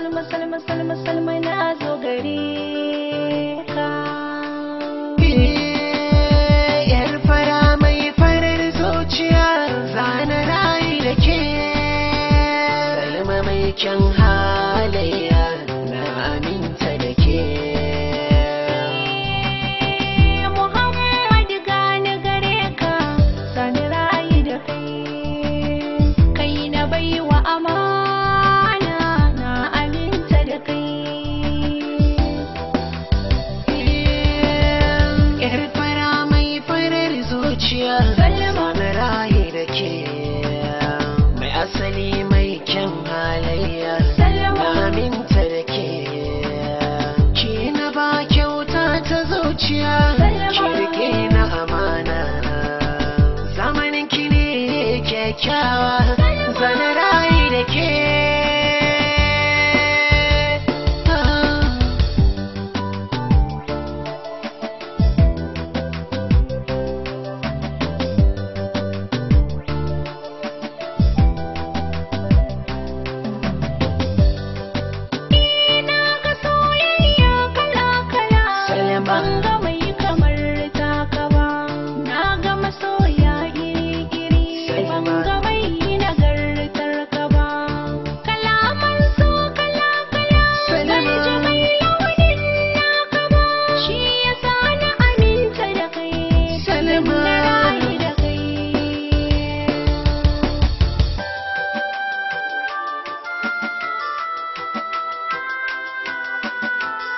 salma salma salma salma na zo gare ka yar fara mai zuciya da ke ha kyakkyawa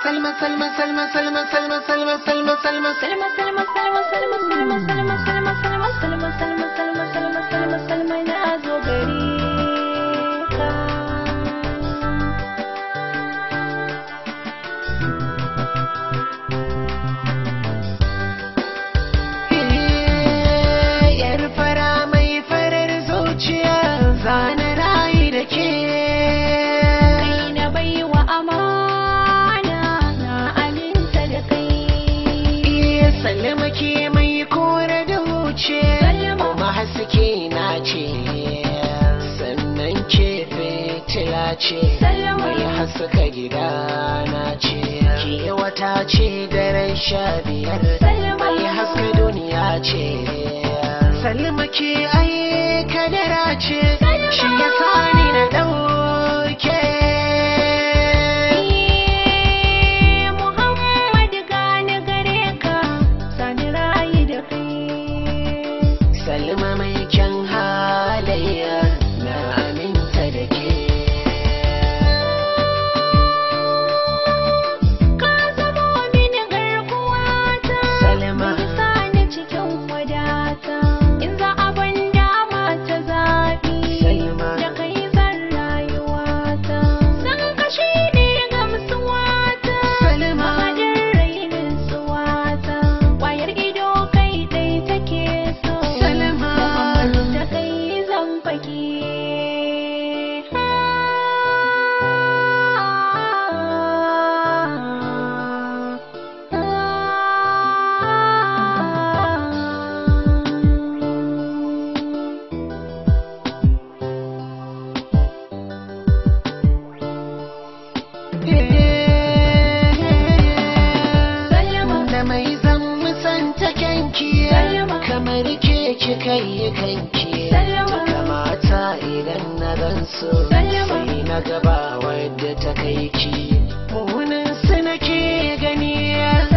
Salma, Salma, Salma, Salma, Salma, Salma, Salma, Salma, Salma, Salma. fitila ce mai haska gida na ce ki wata ce daren sha biyar mai haska duniya ce salma ke ai kadara ce shi ya sani na dauke Salma mai kyan halayya kamar ke kika yi kanki kamata idan na gansu sai na gaba wadda ta kai ki munin su nake gani